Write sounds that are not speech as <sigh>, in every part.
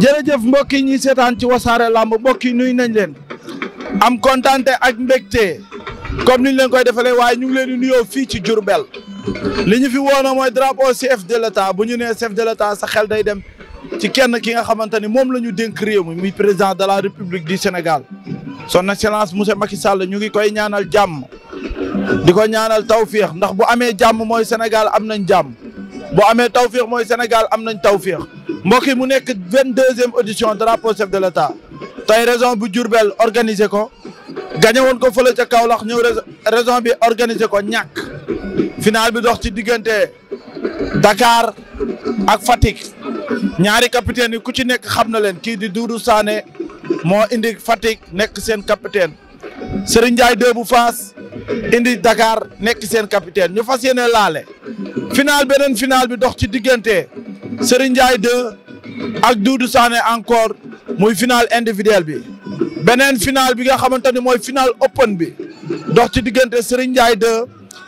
jërëjëf mbokk yi ñuy seetaan ci wasaare làmb mbokk yi nuyu nañ leen am kontaan ak mbégte comme niñ leen koy defalee waaye ñu ngi leen di nuyoo fii ci Diourbel li ñu fi woona mooy drapeau chef de l'État bu ñu nee chef de l'État sa xel day dem ci kenn ki nga xamante ni moom la ñu dénk réew mi muy président de la République du Sénégal son excellence monsieur Macky Sall ñu ngi koy ñaanal jàmm di ko ñaanal tawféex ndax bu amee jàmm mooy Sénégal am nañ jàmm boo amee tawféex mooy Sénégal am nañ tawféex mbokk yi mu nekk vingt deuxième audition drapeau chef de l' état tey raison bu Diourbel organiser ko gañe woon ko fële ca Kaolack ñëw raison bi organiser ko ñàkk final bi dox ci diggante Dakar ak Fatick ñaari capitaine yi ku ci nekk xam na leen kii di Doudou Sané moo indi Fatick nekk seen capitaine Serigne Ndiaye deux bu Faas indi Dakar nekk seen capitaine ñu fas yéene laale final beneen final bi dox ci diggante Serigne Ndiaye deux ak Doudou encore muy final individuel bi beneen final bi nga xamante ni mooy final open bi dox ci diggante Serigne Ndiaye 2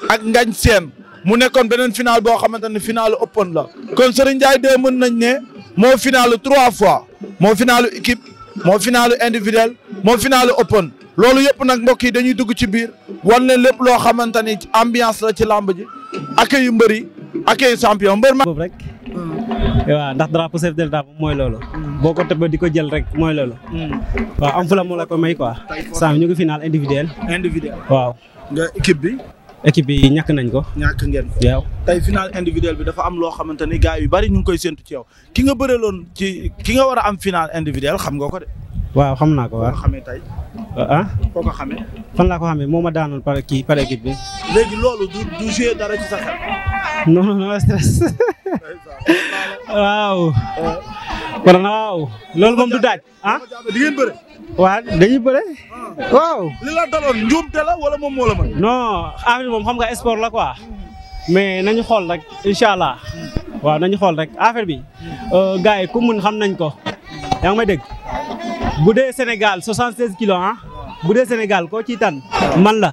ak Ngagne Sène mu nekkoon beneen final boo xamante ni final open la kon Serigne Ndiaye 2 mën nañ ne moo finalu trois fois moo finalu équipe moo finalu individuel moo finalu open loolu yëpp nag mbokk yi dañuy dugg ci biir wan leen lépp loo xamante ni ambiance la ci làmb ji accueil yu mbëri accueil champion mbër ma boobu rek waaw ndax drapeau chef de l'État mooy loolu boo ko di ko jël rek mooy loolu waaw am fu la moo la ko may quoi sam ñu ngi final individuel individuel waaw nga équipe bi équipe bi ñàkk nañ ko ñàkk ngeen ko waaw tey final individuel bi dafa am loo xamante ni gars yu bari ñu ngi koy séntu ci yow ki nga bëre loon ci ki nga war am final individuel xam nga ko de waaw xam naa ko waaw. ah. foo ah? ko xamee. fan laa ko xamee moo ma daanoon par kii par kii bi. léegi loolu du du joué dara ci sa xel. non stress. <laughs> waaw. Eh. kon waaw. loolu moom du daaj. ah di dañuy bëre. Ah. la daloon njuumte la wala moom moo la mën. non moom xam ga sport la ko mais nañu xool rek incha allah. Hmm. waaw nañu xool rek affaire bi. Euh, gars yi ku mun xam nañ ko. yaa ngi may dégg. bu dee Sénégal 76 kilos ah bu dee Sénégal koo ciy tànn man la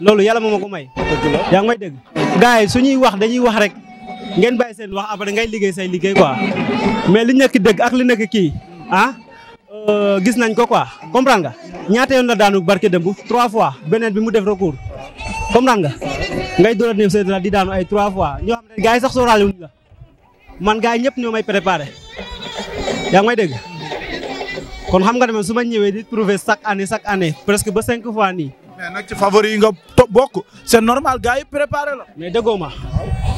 loolu yàlla moo ma ko may yaa ngi may dégg gars yi su ñuy wax dañuy wax rek ngeen bàyyi seen wax après ngay liggéey say liggéey quoi mais li nekk dëgg ak li nekk kii ah euh, gis nañ ko quoi comprendre nga ñaata yoon la daanu barke dembu trois fois beneen bi mu def recours comprendre nga ngay doorat ñoom seen la di daanu ay trois fois ñoo xam ne gars yi sax sóoraale wuñ la man gars yi ñëpp ñoo may préparé yaa ngi may dégg kon xam nga ne su ma ñëwee di prouver chaque année chaque année presque ba cinq fois ni mais nag ci favori yi nga bokk c'est normal gars yi préparé la. mais déggoo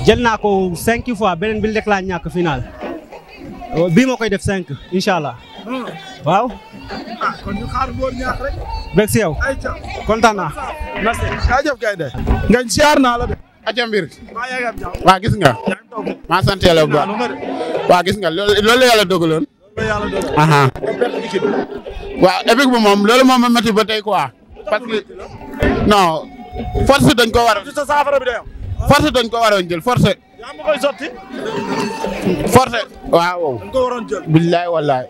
jël naa ko cinq fois beneen bi rek laa ñàkk final oh, bii moo koy def cinq incha allah ah. waaw. ah kon ñu xaar góor siyaar naa la de. aja mbir. waa gis nga. maa sant yàlla bu waa gis nga loolu loolu la yàlla waaw épique bi moom loolu moom ma métti ba tey quoi parce que non force dañ ko war a force dañ ko waroon jël force. force waaw. dañ ko waroon jël. billaay wallaay.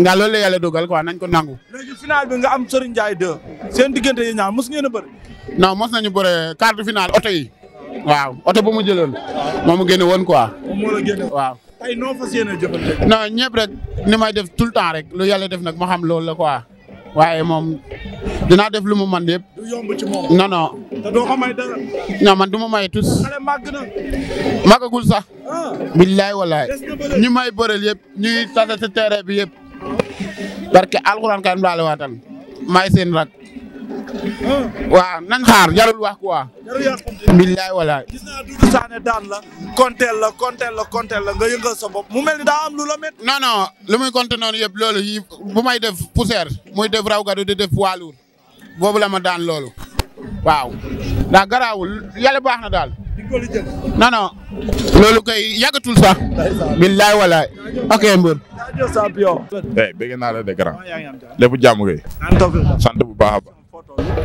nga loolu la yàlla dogal quoi nañ ko nangu. léegi final nga am Serigne Ndiaye 2. seen diggante yi ñaar mos ngeen a bëri. nañu bëre quart de finale waaw oto bu mu jëloon. moom mu génne woon quoi. waaw. tey noo fas yéene ñëpp rek ni may def tout le temps rek lu yàlla def nag ma xam loolu la quoi waaye moom dinaa def lu mu man yëpp. du yomb man du ma may tus. xale màgg na. màggagul sax. Ah. billaay walaay. ñu may bëreel yëpp ñu ngi tase si terrain bi yëpp. parce que alxuraan karim may seen rak. waaw nan xaar jarul wax quoi. jarul yàq billaay walaay. gis la. konteel la konteel la konteel la nga yëngal sa mu mel daa am lu la métti. non lu muy compter noonu yëpp loolu yi bu may def poussière muy def raw gadu di def poids lourd boobu la ma daan loolu. waaw ndax garaawul yàlla baax daal. non non loolu koy yàggatul sax. billaay walaay. ok mbër. eh bëgg naa la de grand. lépp jàmm kay. sant bu baax a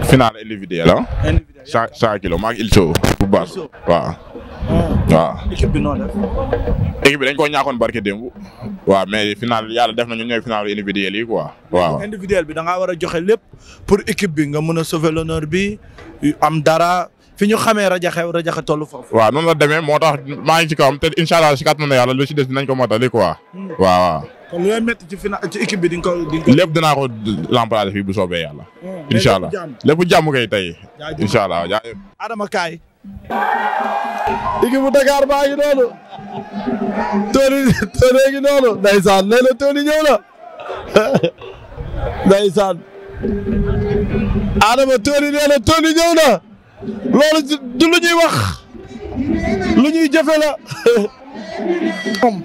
final individuel ah. individuel cent cent kilos maa ngi Ilso bu baax waaw. waaw bi noonu def. équipe bi dañ koo ñaakoon barke démb. waaw mais yàlla def na ñun ñooy final individuel yi quoi. waaw individuel bi da war a joxe lépp pour équipe bi nga mën a sauver l'honneur bi am dara fi ñu xamee rajaxe rajaxe tollu foofu. waaw noonu la demee moo tax maa ngi ci kawam te incha allah si kàttan na yàlla lu ci des dinañ ko motali quoi. Hmm. waaw waaw. kon lu lay métti ci final ci équipe bi din nga ko di ko. lépp dinaa fii bu soobee yàlla. Hmm, incha allah lépp jàmm kay Adama Kaay. équipe bu Dakar baa ngi noonu. Tony Tony ngi noonu ndeysaan nee na Tony ñëw na <laughs> Adama Tony nee na Tony ñëw du lu ñuy wax lu ñuy jëfe <laughs> moom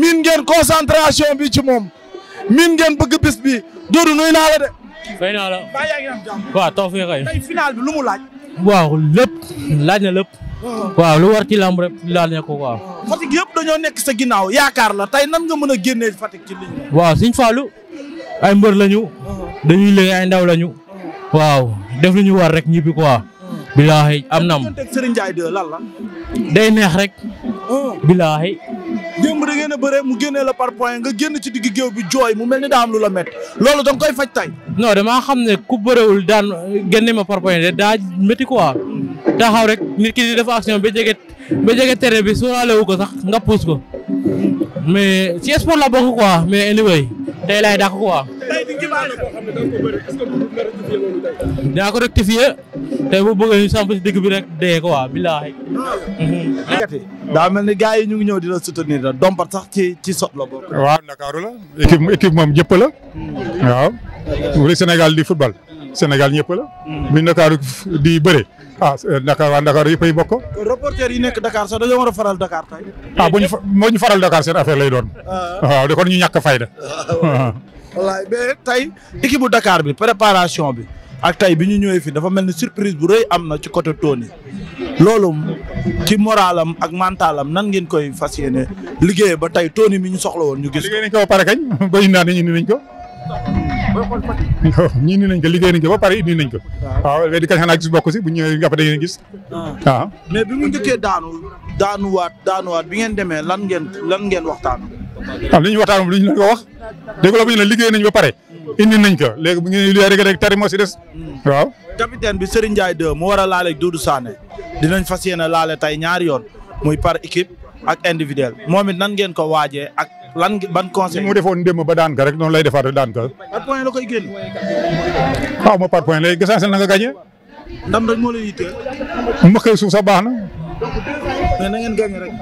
miin ngeen concentration bi ci moom miin ngeen bëgg bis bi Doudou nuy naa la de. fay naa la baa yaa ngi kay. lu mu laaj. waaw lépp laaj na lépp. Ah. waaw lu war ci lamb rek laal na ko waaw. Fatick yëpp dañoo nekk sa ginnaaw yaakaar la tey nan nga mën a génnee Fatick ci liñ waaw Sëñ Fallou ay mbër lañu. Ah. dañuy liggéey ay ndaw lañu. Ah. waaw def lu ñu war rek ñibbi quoi. bilaahi am na am Serigne Ndiaye 2 la. day neex rek. Oh. bilaahi. démb da ngeen a bëree mu génnee la par point nga génn ci digg géew bi jooy mu mel ni daa am lu la métti loolu da koy faj tay non damaa xam ne ku bëreewul daan génne ma par point de daa métti quoi taxaw rek nit ki di def action ba jege ba jege tere bi suuraale ko sax nga puus ko. mais ci sport la bokk quoi mais anyway tey laay dàq quoi. ko rectifier tey bu bëggee ñu samp si dëkk bi rek dee quoi billaahi. daa mel ni gars yi ñu ngi ñëw di la soutenir la dompat sax ci ci sot la waaw Ndakaaru la équipe équipe moom ñëpp la hmm. waaw. bu Sénégal di football Sénégal ñëpp la. Hmm. bu Ndakaaru di bëre. ah euh, Dakar waa Dakar yëpp ay bokk. reporter yi nekk Dakar sax dañoo war a faral Dakar tey. ah bu ñu moo ñu faral Dakar seen affaire lay doon. waaw ah. ah, di kon ñu ñàkk fayda. Ah, <laughs> wallaay mais tey équipe bu bi préparation bi ak tey bi ñu ñëwee fii dafa mel ni surprise bu rëy am na ci côté Tony loolu ci moralam ak mentalam nan ngeen koy fas yéene liggéey ba tey Tony mi ñu soxla woon ñu gis. liggéey nañ ko ba pare kañ béy naa ne ni nañ ko. ñu <laughs> nii nañ ko liggéey nañ ko ba pare indi nañ ko. waaw léegi kañ xanaa gis bokk si bu ñëwee nga fa da ngeen gis. Ah. waaw mais bi mu njëkkee daanu daanuwaat daanuwaat bi ngeen demee lan ngeen lan ngeen waxtaan. waaw li ñu waxtaan li ñu wax dégg la bu liggéey nañ ba pare indi nañ ko léegi bu ñu liggéey rek rek tari moo si des. waaw. capitaine bi Serigne Ndiaye 2 mu war a laaleeg Doudou Sané dinañ fas yéene laale tey ñaari yoon muy par équipe. ak individuel moom it nan ngeen ko waajee ak lan ban conseil. mu defoon ndémm ba daan ka rek noonu lay defaat daan ka. par point la koy génn. waaw na nga gagné. ndam rek moo lay yitte. ma koy suuf sax baax na. mais na ngeen gagné rek.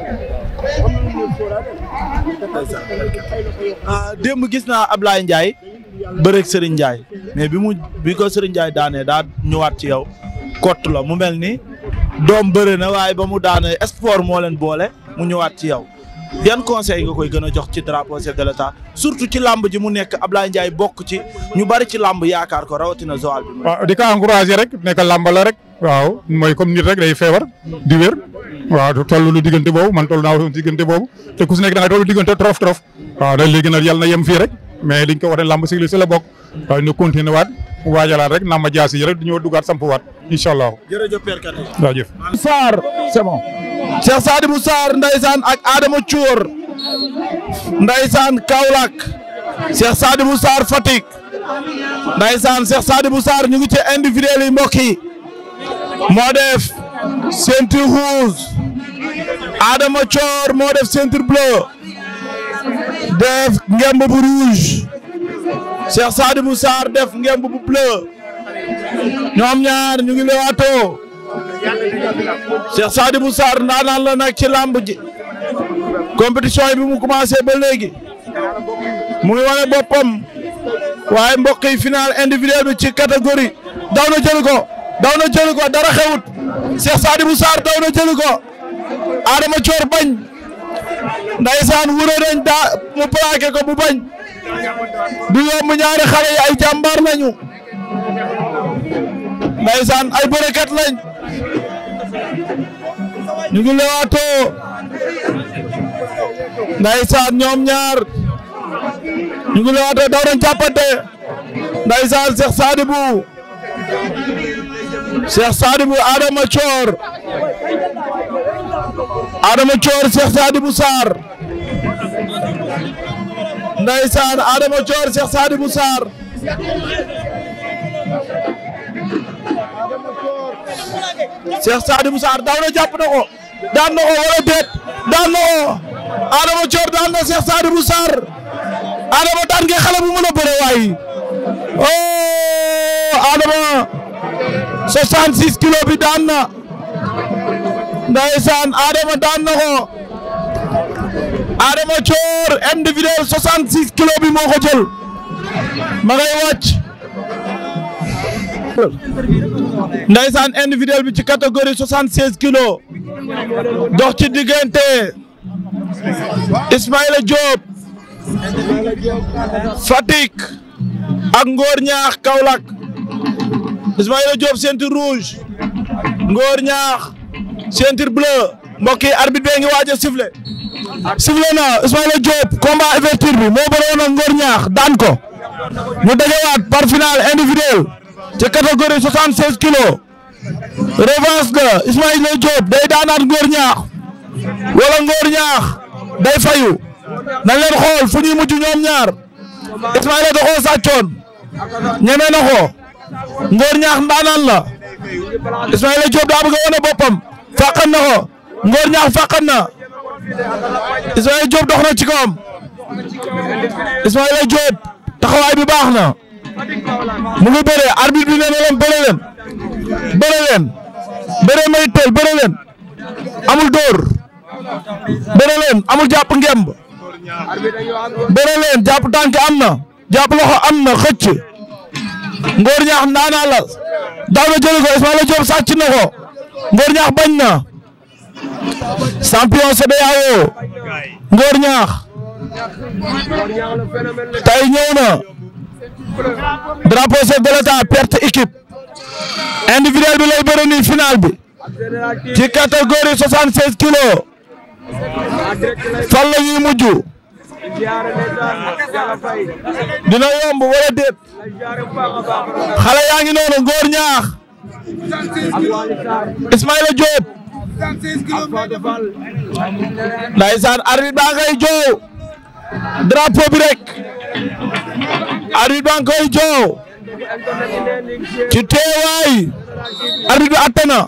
ah démb gis naa Ablaye Ndiaye bëreeg Serigne mais bi mu bi ko Serigne Ndiaye daanee daa ñëwaat ci yow kott mu mel ni doom bëri na waaye ba mu daane sport moo leen boole. mu ñëwaat ci yow yan conseil nga koy gën a jox ci drapeau chef de l'État surtout ci làmb ji mu nekk Ablaye Ndiaye bokk ci ñu bari ci làmb yaakaar ko rawatina Joal bi. waaw nekk làmb la rek. waaw mooy comme nit rek day feebar di waaw du toll lu diggante boobu man toll naa woon diggante boobu te ku si nekk da nga toll diggante trop trop. waaw da léegi nag yàlla yem fii rek mais liñ ko wax ne làmb si la bokk. waaw ñu continué waat waajalaat rek naam du ñëw duggaat samp waat incha allah. Cheikh Sadibou Sarr ndaysaan ak Adama Thiour ndaysaan Kaolack Cheikh Sadibou Sarr Fatick ndaysaan Cheikh Sadibou Sarr ñu ngi ci individuel yi mbokk yi moo def ceinture rouge Adama Thiour moo def ceinture bleu def ngemb bu rouge Cheikh Sadibou def ngemb bu bleu ñoom ñaar ñu ngi Cheikh Sadibou Sarr ndaanaan la nag ci làmb ji compétition yi bi mu commencé ba léegi mu ngi boppam waaye mbokk final individuel bi ci catégorie daw na jël ko daw na jël ko dara daw na jël Adama Coor bañ ndaysaan wuro dañ daa mu plaqué ko bu bañ du yomb ñaari xale ay jàmbaar lañu ndaysaan ay bërekat lañ ñu ngi lewaatoo ndaysaan ñoom ñaar ñu ngi lewaatoo daw nañ jàppante ndaysaan Cheikh Sadibou Cheikh Sadibou Adama Thior Adama Thior Cheikh Sadibou Sarr ndaysaan Adama Thior Cheikh Sadibou Sarr Cheikh Sadibou Sarr daw na na ko na ko daan na ko Adama Thior daan na Cheikh Sadibou Sarr Adama daan ngay xale bu mën a bëre waay oh Adama 66 kilo bi daan na ndeysaan Adama daan na ko Adama Thior individuel 66 kilo bi moo ko jël ma ndaysaan individuel bi ci catégorie 76 kilos dox ci diggante Ismaïla Diop Fatick ak Ngor Ñaax Kaolack Ismaïla Diop ceinture rouge Ngor Ñaax ceinture bleue mbokk yi arbitre bee ngi waaj a sifflé na Ismaïla Diop combat ouverture bi moo bëroon ak Ngor Ñaax daan ko mu dajewaat par final individuel ci catégorie 76 kilos revanche ga Ismaïla Diop day daanaat ngóor ñaax wala ngóor ñaax day fayu na leen xool fu ñuy mujj ñoom ñaar Ismaïla da koo sàccoon ñeme na ko ngóor ñaax ndaanaan la Ismaïla Diop daa bëgg a wane boppam fàqan na ko ngóor ñaax fàqan na Ismaïla Diop dox na ci kawam Ismaïla Diop taxawaay bi baax na mu ngi bëre arbitre bi nee na leen bëre bëre leen bëre may teel bëre leen amul dóor bëre leen amul jàpp ngemb bëre leen jàpp tànk am na jàpp loxo am na xëcc Ngor Ñaax naanaa la daaw na jëli ko Ismaïla Diop na ko Ngor Ñaax bañ na champion CEDEAO Ngor Ñaax tey ñëw na drapeau chef de l'état perte équipe individuel bi lay bëre nii final bi ci catégorie 76 kilos fan la ñuy dina yomb wala déet xale yaa ngi noonu góor ñaax Ismaïla Diop ndaysaan arbitre baa ngay joow drapeau bi rek arbitre baa ngi koy ci teewaay arbitre bi atte na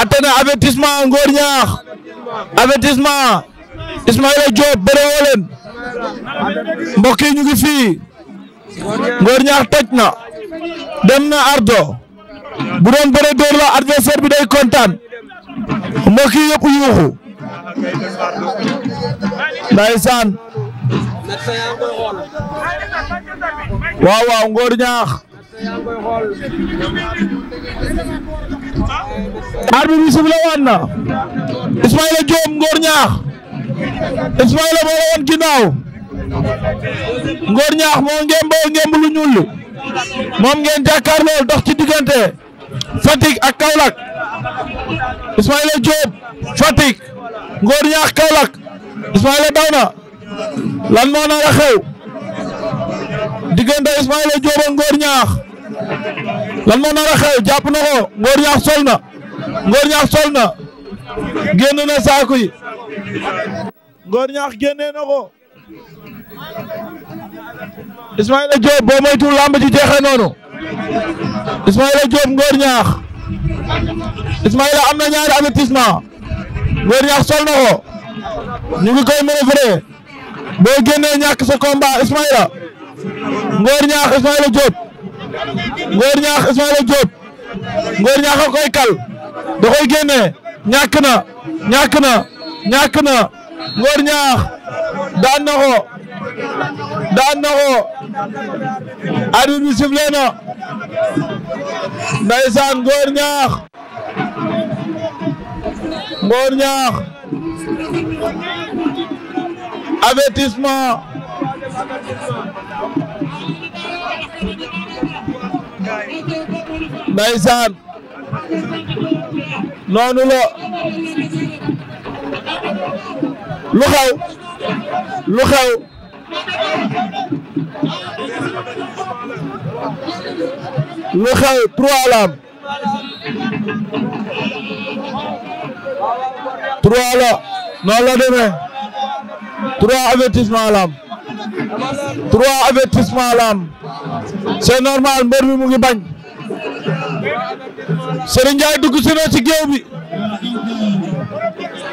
atte na avertissement Ngor Niakh avertissement Ismaïla Diop bëre woo yi ñu ngi fii Ngor Niakh toj dem na ardo bu doon bëre la adversaire bi day kontaan mbokk yi yëpp yuuxu waaw waaw Ngor Ñaax. arbitre bi sifle waat na. Ismaïla Diop Ngor Ñaax. Ismaïla moo la woon ginnaaw. Ngor Ñaax moo ngeen boo ngeen lu ñuul li. moom ngeen jàkkaarloo dox ci diggante Fatick ak Kaolack Ismaïla Diop Fatick ngoor Ñaax Kaolack Ismaïla daw na lan moo a xew diggante Ismaïla Diop ak Ngor Ñaax lan moo nar a xew jàpp na ko Ngor sol na Ngor Ñaax sol na génn na saaku yi Ngor Ñaax génnee na ko Ismaïla Diop boo moytuwul làmb ji jeexee noonu Ismaïla Diop Ngor Ñaax Ismaïla am na ñaari avertissement Ngor Ñaax sol na ko koy mën boo génnee ñàkk sa ñaax Ismaïla Diop Ngor ñaax Ismaïla Diop Ngor ñaax a koy kal da koy génnee ñàkk na ñàkk na ñàkk na Ngor ñaax daan na ko daan na ko arbitre bi sifflé na ndaysaan Ngor ñaax Ngor ñaax avertissement ndeysaan noonu la lu xew lu xew lu noonu la demee trois avertissement la trois avertissement la am c'est normal mbër mi mu ngi bañ Serigne Ndiaye dugg ci géew bi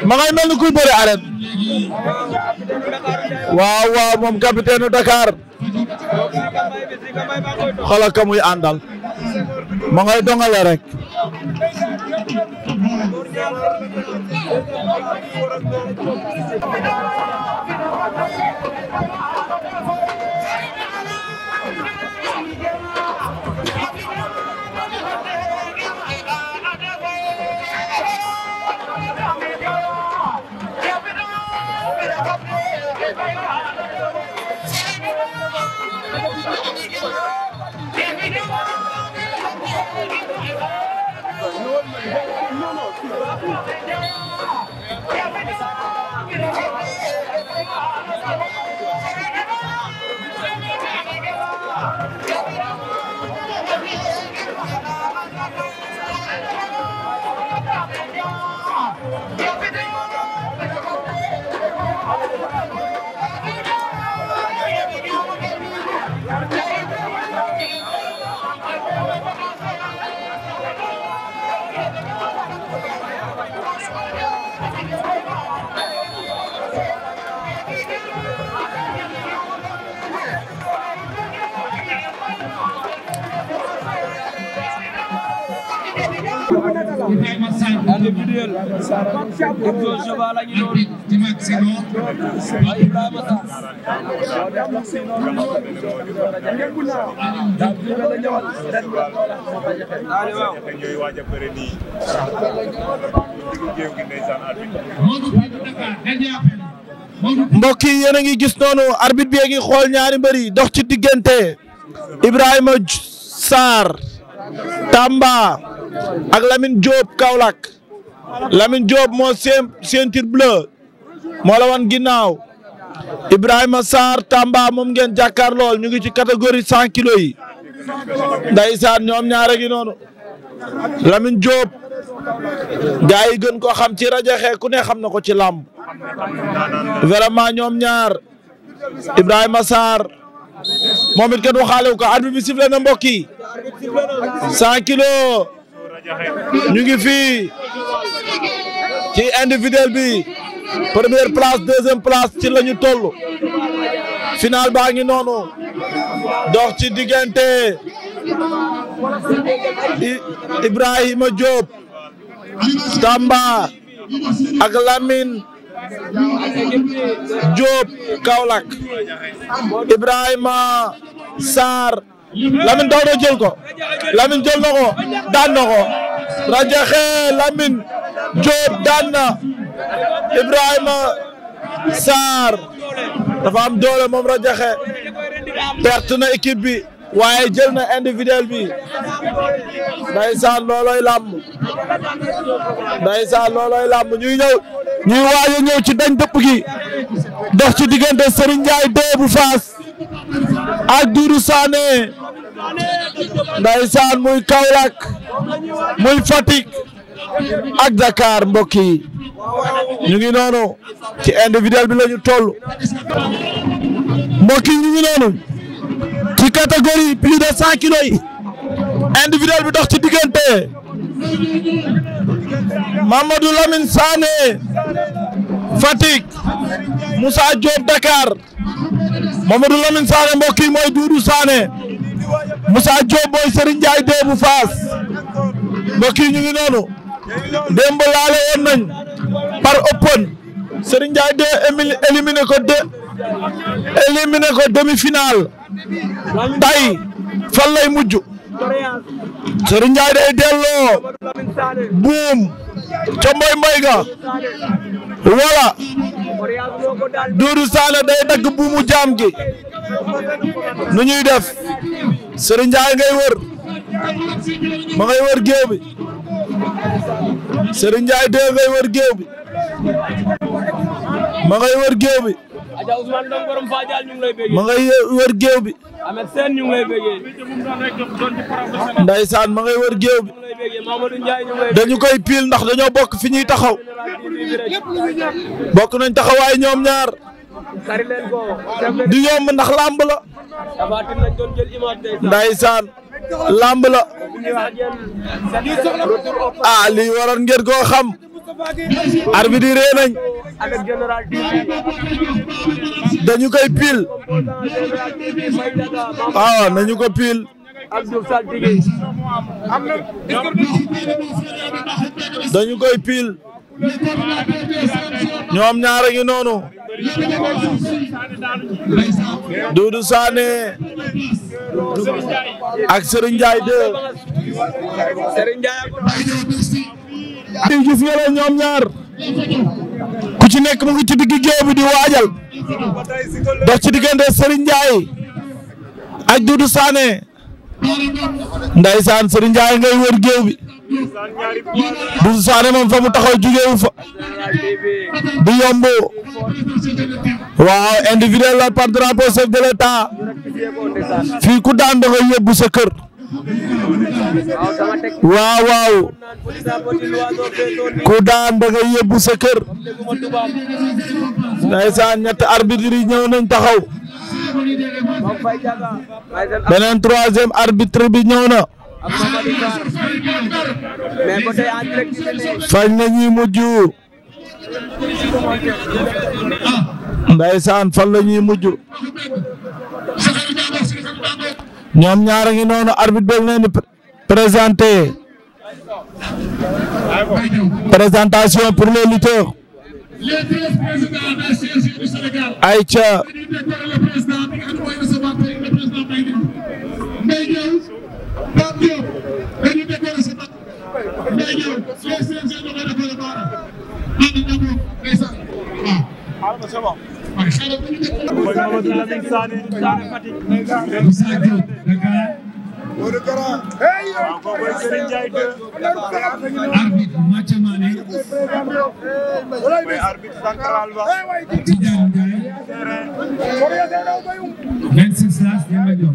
ma ngay mel ni kuy bëri arène waaw waaw moom capitaine Dakar xoolal ka muy àndal ma ngay dongale rek No, no. Ibrahima Sarr individuel ak mbokk yi yéen a ngi gis noonu arbitre bi gi ngi xool ñaari mbëri dox ci diggante Ibrahima Sarr Tamba ak lamin Diop Kaolack Lamine Diop moo ceinture bleu moo la wan ginnaaw Ibrahima Sarr Tamba moom ngeen jàkkaar lool ñu ngi ci catégorie cent kilo yi ndeysaan ñoom ñaare gi noonu Lamine Diop gaa yi gën koo xam ci rajo xee ku ne xam na ko ci làmb vraiment ñoom ñaar Ibrahima Sarr moom it kenn waxaale ko arbitre bi siflé na mbokk yi cent ñu ngi fii ci individuel bi première place deuxième place ci lañu ñu toll baa ngi noonu dox ci diggante Ibrahima Diop Tamba ak Lamine Diop Kaolack Ibrahima Lamine daw na jël ko Lamine jël na ko daan na ko Radiakhé Lamine Diop daan na Ibrahima Sarr dafa am doole moom Radiakhé perte na équipe bi waaye jël na individuel bi ndeysaan loolooy làmb ndeysaan loolooy làmb ñuy ñëw ñuy waaj ñëw ci dañ dëpp gi dox ci diggante Serigne Ndiaye 2 bu Faas ak Doudou ndaysaan muy Kaolack muy Fatick ak Dakar mbokk yi ñu ngi noonu ci individuel bi la ñu mbokk yi ñu ngi noonu ci catégorie plus de cent kilos yi bi dox ci diggante Mamadou Lamine Sané Fatick Moussa Diop Dakar Mamadou Lamine Sané mbokk yi mooy Doudou Sané Moussa Diop booy Serigne Ndiaye dee bu faas mbokk yi noonu démb laale woon nañ par open Serigne Ndiaye dee éliminé ko demi-finale tay fan mujj Serigne Ndiaye day delloo buum ca mboy ga wala Doudou Sané day dagg buumu jaam gi nu ñuy def Serigne Ndiaye ngay wër ma ngay wër géew bi Serigne dee ngay wër géew ma ngay wër géew bi ma ngay wër géew bi ndaysaan ma ngay wër géew dañu koy piil ndax dañoo bokk fi ñuy taxaw bokk nañ taxawaay ñoom ñaar du yomb ndax làmb la. ndaysaan làmb la. Ah, lii waroon ngeen koo xam. arbitre yi ree nañ. dañu koy pile. waaw ah, nañu ko pile. dañu koy pile. ñoom ñaar a noonu. Doudou Sané ak Serigne Ndiaye 2 ak gis nga leen ci nekk mu ngi ci digg géew bi di waajal dox ci diggante Serigne Ndiaye ak Doudou Sané ndeysaan Serigne wër géew bi Doudou Sané moom fa mu taxaw jugewu fa du yomb waaw individuel la par drapeau chef de l'État fii ku daan da nga yóbbu sa waaw waaw ku daan da nga yóbbu sa kër ndaysaan ñetti arbitre yi beneen troisième arbitre bi ñëw na fañ nañu mujj ndeysaan fan la ñuy mujj ñoom ñaara ngi noonu arbitre beeg leen di présenté présentation pour les lutteurs Aïcha Pape Diop dañuy décorer sa mag day ñëw les CNG ñoo koy décorer Baara Baara Ndiabour day sànq waaw. waaye xaaral ba ñu décorer. mooy Mamadou Lamine Sané Sané Fatick. Moussa Diop Dakar. waaw kooku mooy Serigne Ndiaye 2. arbitre Mathia Mané. mooy arbitre central ba. Tidiane Ndiaye. 26 laas Demba Diop.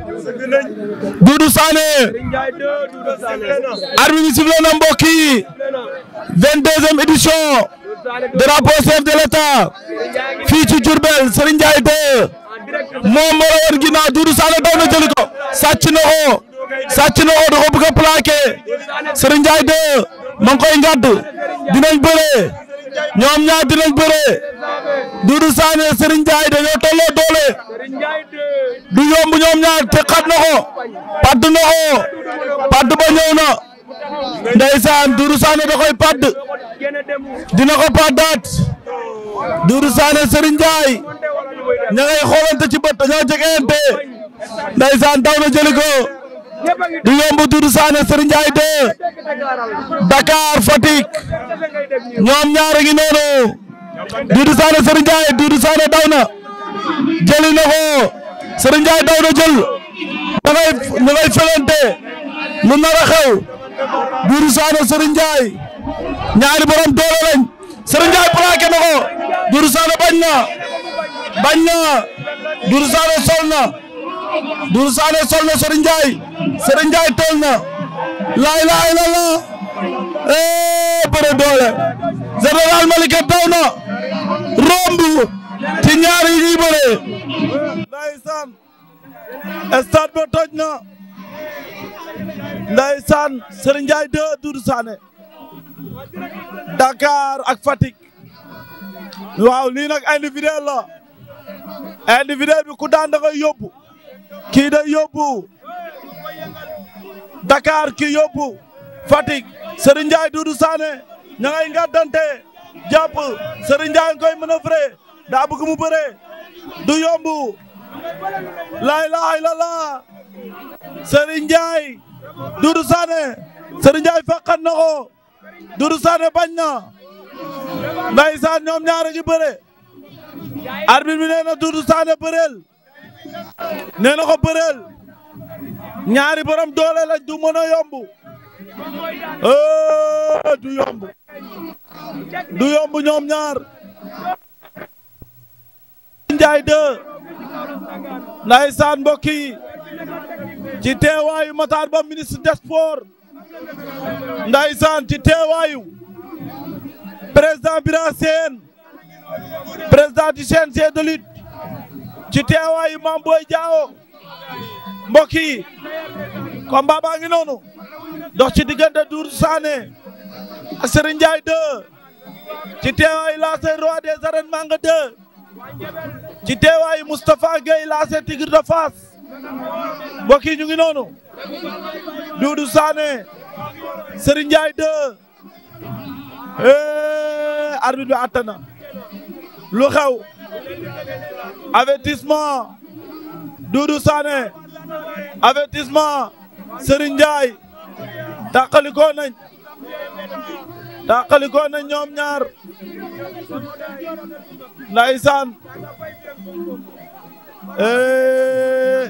Doudou Sané arbitre bi sifflé na mbokk yi vingt-deuxième édition drapeau chef de l'État fii ci Diourbel Serigne Ndiaye 2 moo la woon ginnaaw Doudou Sané daw na jëli ko sàcc na ko sàcc na ko da ko bëgg a plaqué Serigne dinañ bëree ñoom ñaar dinañ bëree Doudou Sané Serigne Ndiaye dañoo tolloo doole du yomb ñoom ñaar te xat na ko padd na ko padd ba ñëw na ndeysaan Doudou Sané da koy padd dina ko paddaat Doudou Sané Serigne Ndiaye ña ngay xoolante ci bët dañoo jegeente ndeysaan na jëli di yomb Doudou Sané Serigne Ndiaye 2 Dakar ñaari ngi noonu Doudou Sané Serigne Ndiaye Doudou Sané daw na jëli na ko Serigne Ndiaye daw na jël da ngay da ngay felante ñaari borom doole lañ Serigne Ndiaye plaqué na ko Doudou Sané bañ Doudou Sané sol na Serigne Ndiaye Serigne Ndiaye tol na laay laay la la eh bëre doole Général Malika taw na romb ci ñaar yi ñuy bëree ndeysaan stade ba toj na ndeysaan Serigne Ndiaye 2 Doudou Sané Dakar ak fatik waaw lii nag individuel la individuel bi ku daan da yóbbu kii day yóbbu dakaar kii yóbbu Fatick Serigne Ndiaye Doudou Sané ña ngay ngàddante jàpp koy manœuvrer daa bëgg mu bëree du yombu laa ilaaha illallaah Serigne Ndiaye Doudou Sané Serigne Ndiaye fàqan bañ na ndeysaan ñoom ñaar a ngi bëre arbitre bi nee na Doudou Sané bëreel nee na ko bëreel ñaari borom doole la du mën a yomb eh, du yomb du yomb ñoom ñaar Njaay de ndaysaan mbokk yi ci teewaayu Matar Ba ministre des sports ndaysaan ci teewaayu président Bira Sène président du CNG de lutte ci teewaayu Mame Boye Diao mbokk yi combat ngi noonu dox ci diggante Doudou Sané ak Serigne Ndiaye 2 ci teewaayu lancé roi des arènes Manga 2 ci teewaayu Moustapha Gueye lancé Tigre de Fass mbokk yi ñu ngi noonu Doudou Sané Serigne Ndiaye 2 eh arbitre bi àtte na avertissement Doudou Sané avertissement Serigne Ndiaye tàqalikoo nañ tàqalikoo nañ ñoom ñaar nay eh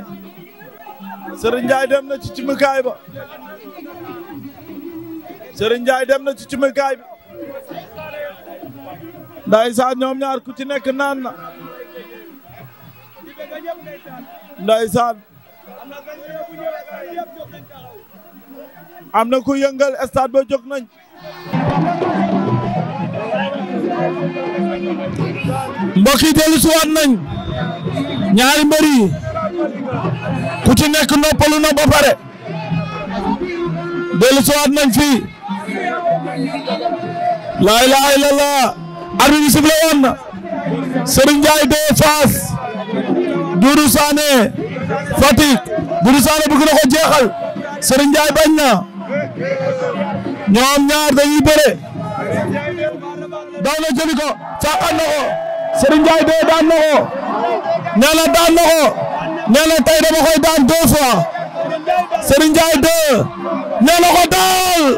Serigne Ndiaye dem na ci cimikaay ba Serigne Ndiaye dem na ci cimikaay bi ndeysaan ñoom ñaar ku ci nekk naan na ndeysaan am na ku yëngal stade ba jóg nañ mbokk yi dellu nañ ñaari mbër ku ci nekk noppalu na ba pare dellu nañ fii laa ilaaha illallaah arbitre bi sifflé woon na Serigne Ndiaye de Fass Doudou Sané Fatick Doudou jeexal Serigne Ndiaye ñoom ñaar dañuy bëre daw na jëli ko caaxaan na ko Serigne Ndiaye daan na ko nee na daal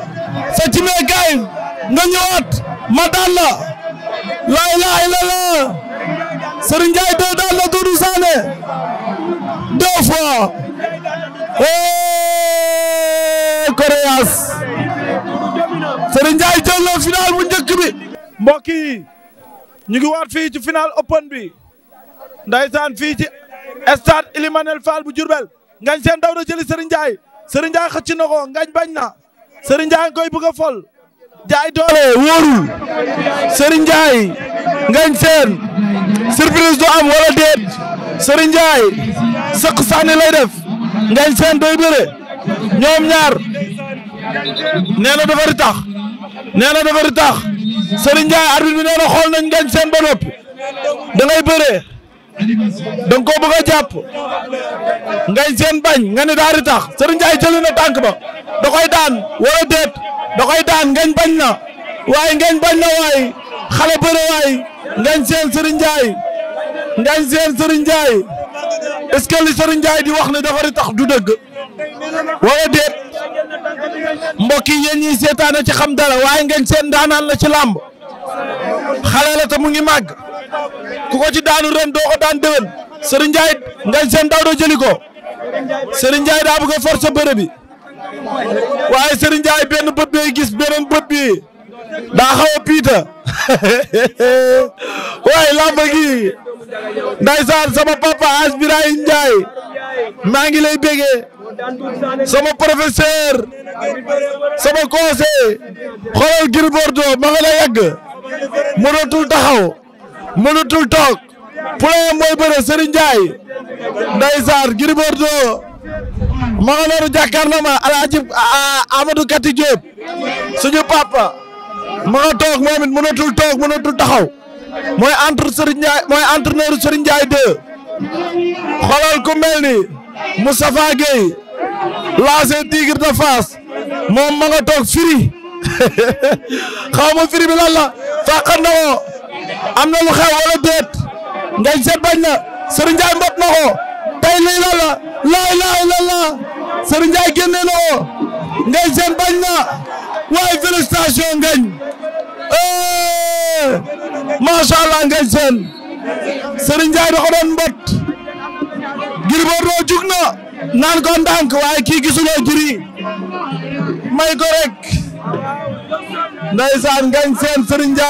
sa ci nga ñëwaat ma laa ilaaha illallaah Serigne Ndiaye doo daan na Doudou Sané deux fois Koreas Serigne Ndiaye jël na final bu njëkk bi ñu ngi waat fii ci final open bi ndaysaan fii ci stade Ilimanel Fall bu Diourbel ngañ seen daw na jëli Serigne Ndiaye Serigne ko ngañ bañ na Serigne Ndiaye koy bëgg fol jaay doole wóorul Serigne Ndiaye ngañ seen surprise du am wala déet Serigne Ndiaye sëq sànni lay def ngañ seen doy bëre ñoom ñaar nee na dafa ritax nee na dafa ritax Serigne Ndiaye arbitre bi nee na xool nañ ngañ seen ba noppi da ngay da nga koo bëgg a jàpp ngay seen bañ nga ne daal di tax na tànk ba da koy daan wala déet da koy daan ngeen bañ na waaye ngeen bañ na waay xale bëre waay ngeen seen Serigne Ndiaye ngeen seen Serigne Ndiaye est-ce que li di wax ne dafa di tax du dëgg wala déet mbokk yi yéen ñii seetaan na ci xam dara waaye ngeen seen daanaan la ci làmb xale la te mu ngi màgg. ku ko ci daanu ren doo ko daan déwén Serigne Ndiaye ngañ seen doo jëli ko Serigne daa bëgg a forcer waaye Serigne benn bët bi gis beneen bët bi daa xaw a piita <laughs> waaye lamba gi ndaysaan sama papa As Birahim maa ngi lay bégee sama professeur sama conseil xoolal Gris Bordeaux ma nga la yegg mënatul taxaw mënutul toog poulain mooy bëre Serigne Ndiaye ndeysaan Gris Bordeaux ma nga noonu jàkkaarloo ma Alaaji ah, ah, Amadou Kati Diop suñu papa ma nga toog toog mënatul taxaw mooy entre Serigne Ndiaye mooy ku mel ni Moustapha Gueye lancé Tigre de Fass moom ma firi <laughs> xaw ma firi bi la fàqan na am na lu xew wala déet ngañ seet bañ na Serigne mbot na ko tey lii la la laa ilaaha na ko ngañ seet bañ na waaye félicitation ngañ eh! macha allah ngañ seen Serigne Ndiaye da ko doon mbot jug na naan ko ndànk waaye kii gisuloo giri may ko rek ndeysaan ngañ seen Serigne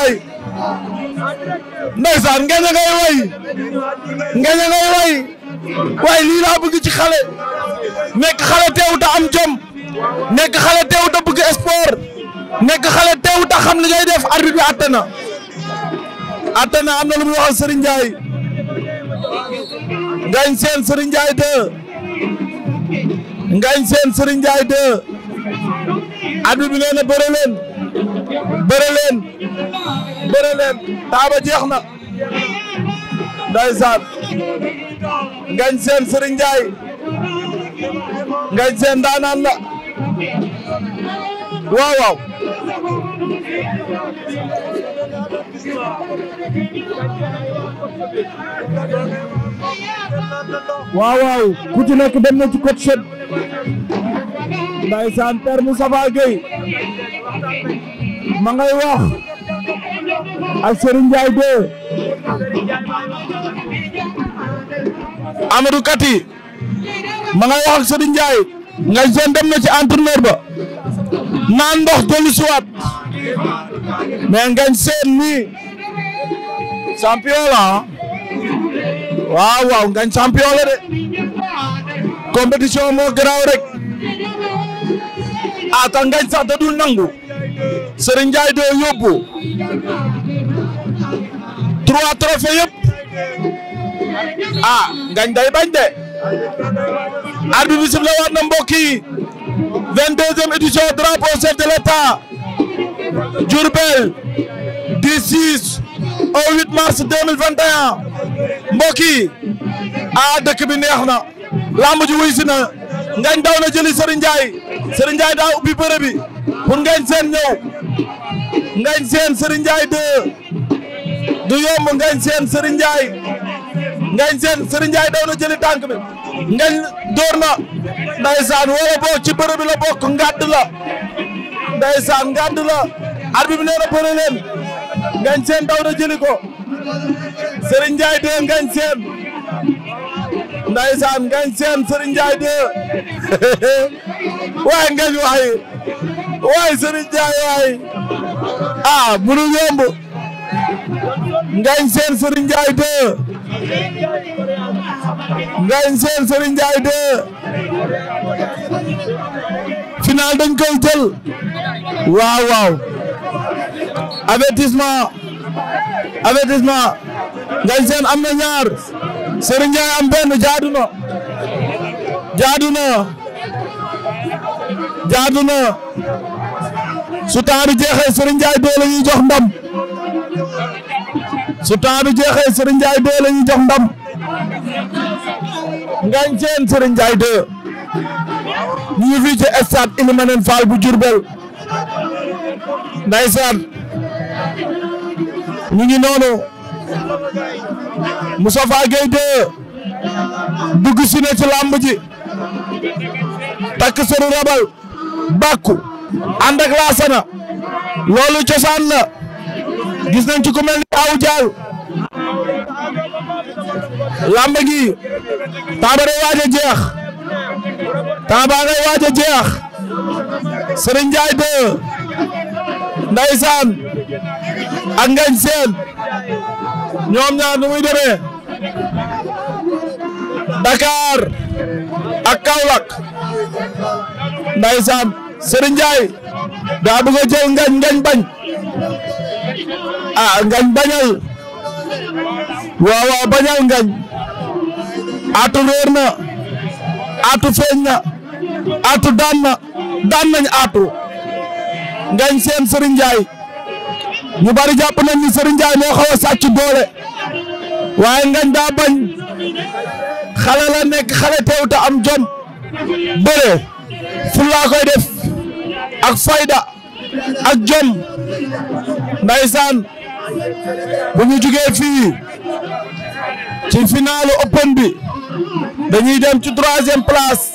ndeysaan ngeen ngay way ngeen ngay way waaye lii laa bëgg ci xale nekk xale teew ta am jom nekk xale teew ta bëgg sport nekk xale teew ta xam li ngay def arbitre bi atte na atte na am na lu mu waxal Serigne Ndiaye ngañ seen Serigne Ndiaye 2 ngañ seen Serigne Ndiaye 2 arbitre bi nee na bëre leen bëre leen bëre leen taaba jeex na ndeysaan seen Serigne Ndiaye seen daanaan la waaw waaw waaw ci nekk dem na ci kot shed ndeysaan Père Moustapha Gueye ma ngay wax ak Serigne Ndiaye deux Amadou ma ngay wax ak Serigne Ndiaye ngay seen dem na ci entraîneur ba naan ndox tollu si waat mais ngañ seen waaw waaw ngañ champion la de compétition moo garaaw rek ah ta ngañ sax da dul nangu Serigne Ndiaye doo yóbbu trois trophées yëpp ah ngañ day bañ de arbitre bi siflé waat na mbokk vingt-deuxième édition drapeau chef de l'État Diourbel du 6 au 8 mars 2021 mbokk yi ah dëkk bi neex na lamb ji wuy na Ngañ daw na jëli Serigne Ndiaye Serigne Ndiaye daa ubbi bi pour Ngañ seen ñëw Ngañ Sène Serigne Ndiaye de du yomb Ngañ Sène Serigne Ngañ Sène Serigne daw na jëli tànk bi Ngañ door na ndaysaan wala bokk ci bëre bi la bokk ngàdd la ndaysaan ngàdd la arbitre bi nee na bëre Ngañ Sène daw na jëli ko Serigne Ndiaye Ngañ Sène ndaysaan ngañ seen Serigne Ndiaye de <laughs> waaye ngañ waay waay Serigne Ndiaye waay ah munu yomb ngañ seen Serigne Ndiaye de ngañ seen Serigne Ndiaye de final dañ koy jël waaw waaw avertissement avertissement ngañ seen am na ñaar Serigne Ndiaye am benn jaadu na jaadu na jaadu na su bi jeexee Serigne Ndiaye jox ndam su temps bi jeexee Serigne lañuy doo la ñuy jox ndam ngañ seen Serigne Ndiaye de ñu ngi fii ci stade Ilimanène Fall bu Diourbel ndeysaan noonu Moustapha Gueye 2 ci làmb takk sëru rabal bàkku ànd ak loolu cosaan la gis nañ ci ku mel ni aw jaal làmb gi taaba day jeex taaba ngay jeex Serigne Ndiaye 2 ndeysaan ak seen ñoom ñaar nu muy demee Dakar ak Kaolack ndaysaan Serigne Ndiaye daa bëgg a jël ngañ ngañ bañ ah ngañ bañal waaw bañal ngañ atu réer na atu feeñ na atu daan na daan nañ atu ngañ seen Serigne ñu bari jàpp nañ ni Serigne Ndiaye doole waaye ngañ daa bañ xale la nekk xale am jom bëre fulaa koy def ak fayda ak jom ndaysaan bu ñu jugee fii ci finalu open bi dañuy dem ci place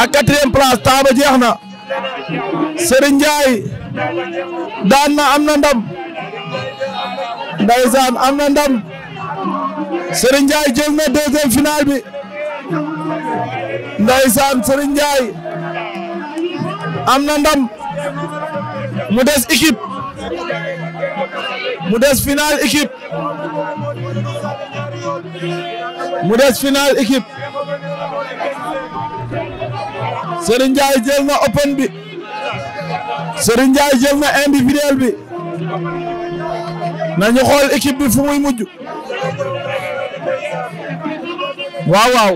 ak quatrième place temps ba jeex na Serigne daan na am na ndam ndaysaan am na ndam Serigne Ndiaye jël na deuxième finale bi ndeysaan Serigne Ndiaye am na ndam mu des équipe mu des finale équipe mu des finale équipe Serigne jël na open bi Serigne jël na individuel bi nañu xool équipe bi fu muy mujj waaw waaw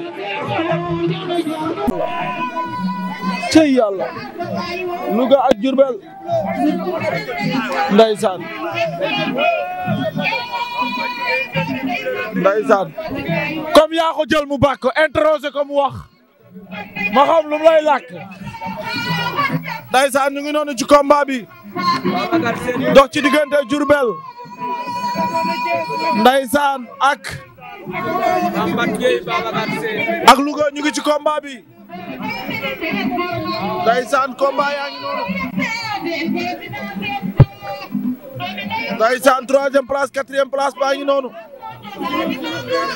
cey yàlla Louga ak Diourbel ndeysaan ndeysaan comme yaa ko jël mu bàkk interrogé ko mu wax ma xam lu mu lay làkk ndeysaan ñu ngi noonu ci combat bi dox ci diggante Diourbel ndeysaan ak ak Louga ñu ngi ci combat bi. Ndeysaan combat yaa ngi noonu. Ndeysaan troisième place quatrième place baa ngi noonu.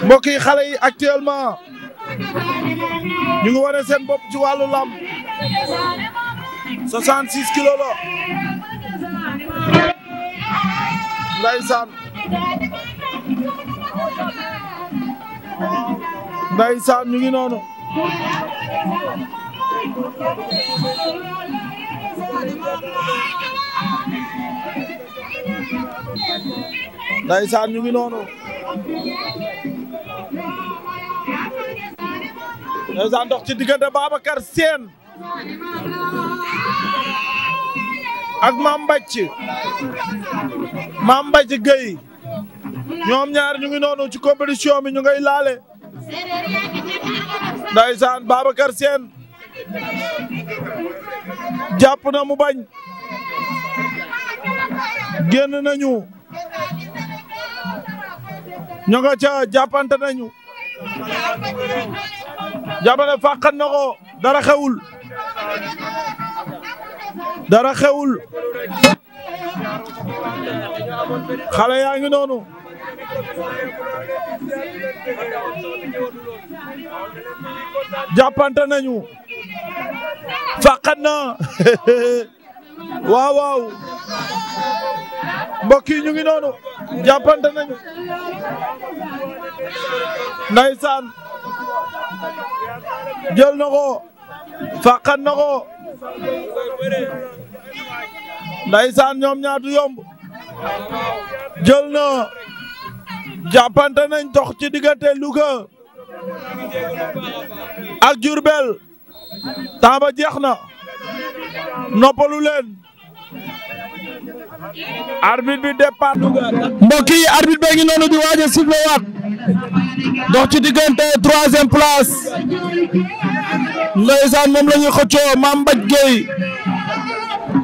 mbokk yi xale yi actuellement ñu ngi wane seen bopp ci wàllu lamb 66 kilos la. ndeysaan ñu ngi noonu ndeysaan ñu ngi noonu ndeysaan dox ci diggante Babacar Sène ak Mame Mbathie Mame Mbathie Gueye ñoom ñaar ñu ngi noonu ci compétition bi ñu ngay laale. Ndaysaan Babacar Sène jàpp na mu bañ génn nañu ñu nga ca jàppante nañu jàppante fàqan na ko dara xewul dara xewul xale yaa ngi noonu jàppante nañu faqat na <laughs> waaw waaw yi ñu ngi noonu jàppante nañu ndaysaan jël na ko faqat na ko ndaysaan ñoom ñaatu yomb jël na jàppante nañ dox ci diggante Louga ak Diourbel temps ba jeex na noppalu leen arbitre bi départ Louga mbokk yi arbitre bee ngi noonu di waaj a sifflé waat dox ci diggante troisième place ndeysaan moom lañu ñuy xëccoo Mame Mbaj Gueye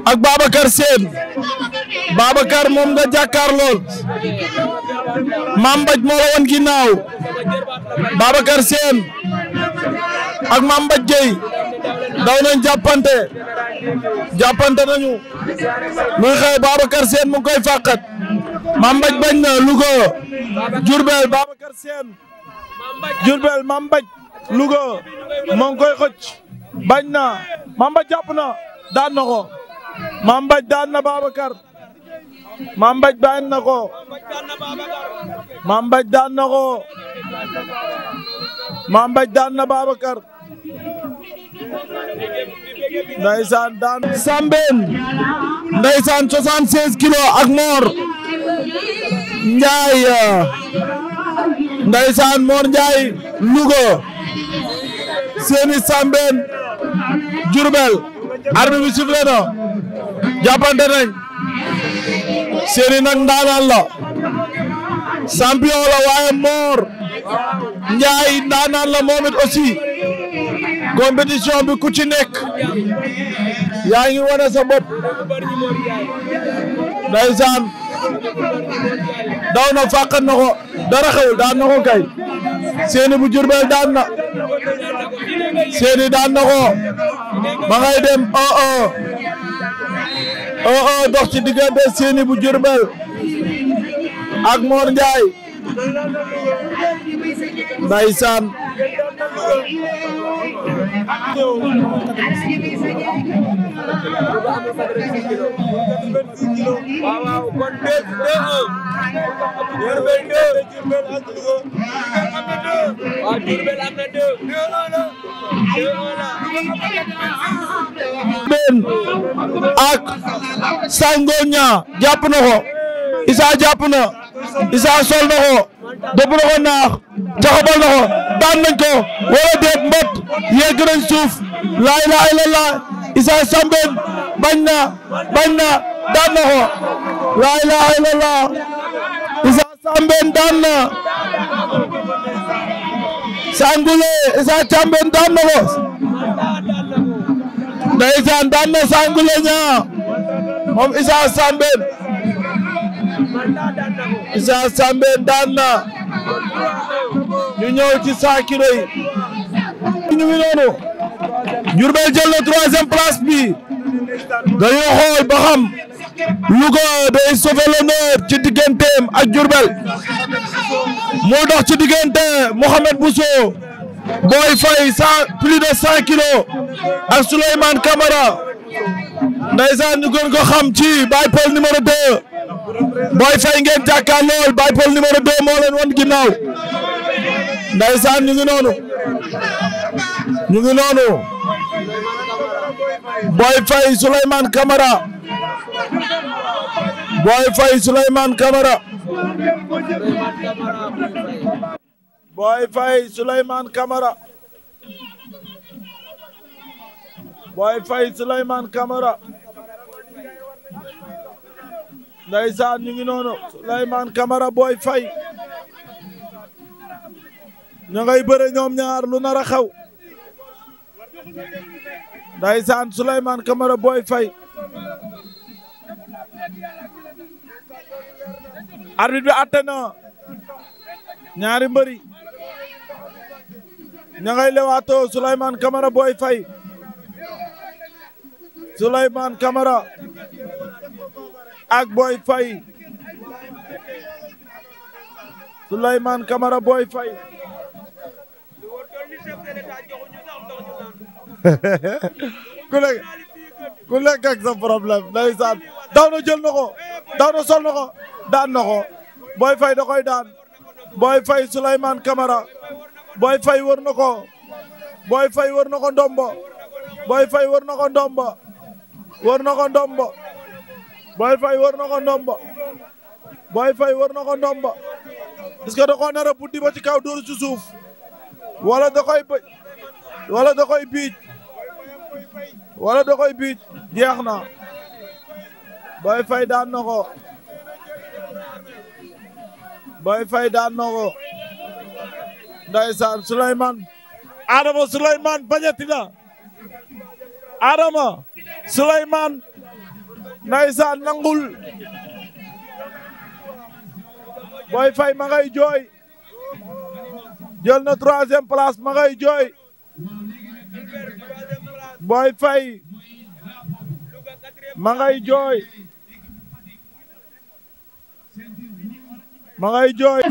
ak Babacar Sène Babacar moom nga jàkkaar lool Mame Mbadji moo la woon ginnaaw Babacar Sène ak Mame Mbadji Gueye daw nañ jàppante jàppante nañu muy xew Babacar Sène mu ngi koy fàqat Mame Mbadji bañ na Louga Diourbel Babacar Sène Diourbel Mame Mbadji Louga moo ngi koy xëcc bañ na Mame Mbadji jàpp na daan na ko Mame Mbadji daan na Babacar Mame Mbadj daan na ko Mame Mbadj daan na ko Mame Mbadj daan na Babacar Ndeysaan daan Sambeen Ndeysaan 76 kilos ak Mor Ndiaye ah. Ndeysaan Mor Ndiaye Louga seeni Sambeen Diourbel arbitre bi sifflé na jàppante Séeri nag ndaanaan la champion la waaye Mor Ndiaye ndaanaan la moom aussi compétition bi ku ci nekk yaa ngi wane sa bopp ndeysaan daw na fàqat na ko dara xewul daan na kay seeni bu Jurbel daan na seeni daan na ko dem o oh, o oh. oo oh, oh, dox ci diggante Seny bu Diourbel ak Mor Ndiaye ndeysaan waaw Seen ak Sango Ña jàpp na ko Issa jàpp na Issa sol na ko dëpp na ko naax jaxabal na ko daan nañ ko wala déet mbot yegg nañ suuf laa ilaaha illallaah Issa Sambène bañ na bañ na daan na ko laa ilaaha illallaah Issa Sambène daan na Sangoulé Issa Sambène daan na ko ndeysaan daan na Sangule ñaa moom Issa Sambène Issa Sambène daan na ñu ñëw ci 100 kilos yi ñu place bi dañoo xool ba day sauver l'honneur ci digganteem ak Diourbel moo dox ci diggante Mohamed Bousso Boy Faye cent plus de cent kilos ci Baye Paul numéro deux Boy Faye ngeen jàkkaar lool Baye Paul numéro deux moo leen won ginnaaw ndeysaan ñu ngi noonu ñu ngi noonu Boy Faye Souleymane Boy Faye Souleymane Camara Boy Faye Souleymane Camara ndeysaan ñu ngi noonu Souleymane Camara Boy Faye ñoom ñaar lu nar a xaw ndeysaan Souleymane Camara Boy Faye arbitre bi atte na ñaari mbëri ña ngay lewaatoo Souleymane Camara Boy Faye Souleymane Camara ak Boy Faye Souleymane Camara Boy Faye <laughs> ku nekk ku nekk ak sa problème ndeysaan daw na jël sol na daan na ko Boy da koy daan Boy Faye Souleymane Camara Boy Faye wër na ko Boy Faye wër na ko ndombo fay Faye wër na ko ndombo wër na ko ndombo Boy Faye wër na ko ndombo fay Faye wër na ko ndombo est-ce que da ci kaw dóor ci suuf wala da koy bëj wala da koy biij wala da na daan na ko Boy Faye daan na ndeysaan Souleymane Adama Souleymane bañati na Adama Souleymane ndeysaan nangul Boy Faye ma ngay jooy jël na troisième place ma ngay jooy Boy Faye ma ngay jooy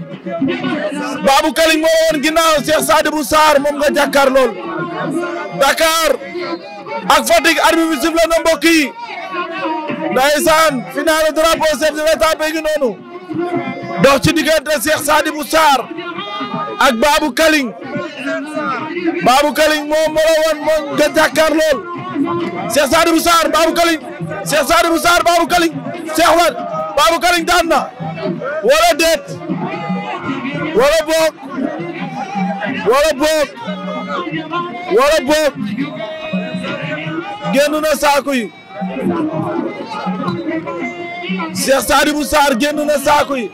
Babou Kaling moo woon ginnaaw Cheikh Sadibou Sarr moom nga lool Dakar ak Fatick arbitre bi sifflé na mbokk yi ndeysaan finale drapeau chef de l'État bi ngi noonu dox ci diggante Cheikh Sadibou Sarr ak Babou Kaling Babou Kaling moom moo woon moom nga jàkkaar lool Cheikh Sadibou Sarr Babou Kaling Cheikh Sadibou Sarr Babou Kaling Cheikh Wade Babou Kaling daan na wala déet wala boog wala boog wala na saako yi Cheikh Sadibou Sarr génn na saako yi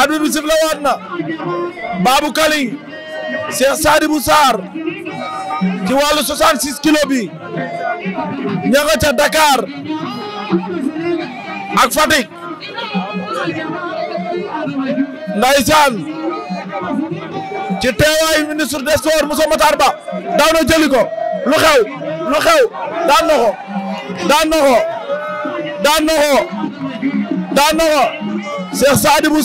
arbitre bi sifla waat na Babou Kaling Cheikh Sadibou Sarr ci wàllu 66 kilo bi ña nga ca ak Fatick Ndeysaan ci teewaayu ministre des sports Moussa Matar na jëli ko lu xew lu xew daan na ko daan na ko daan na ko daan na ko Cheikh daan na Cheikh Sadibou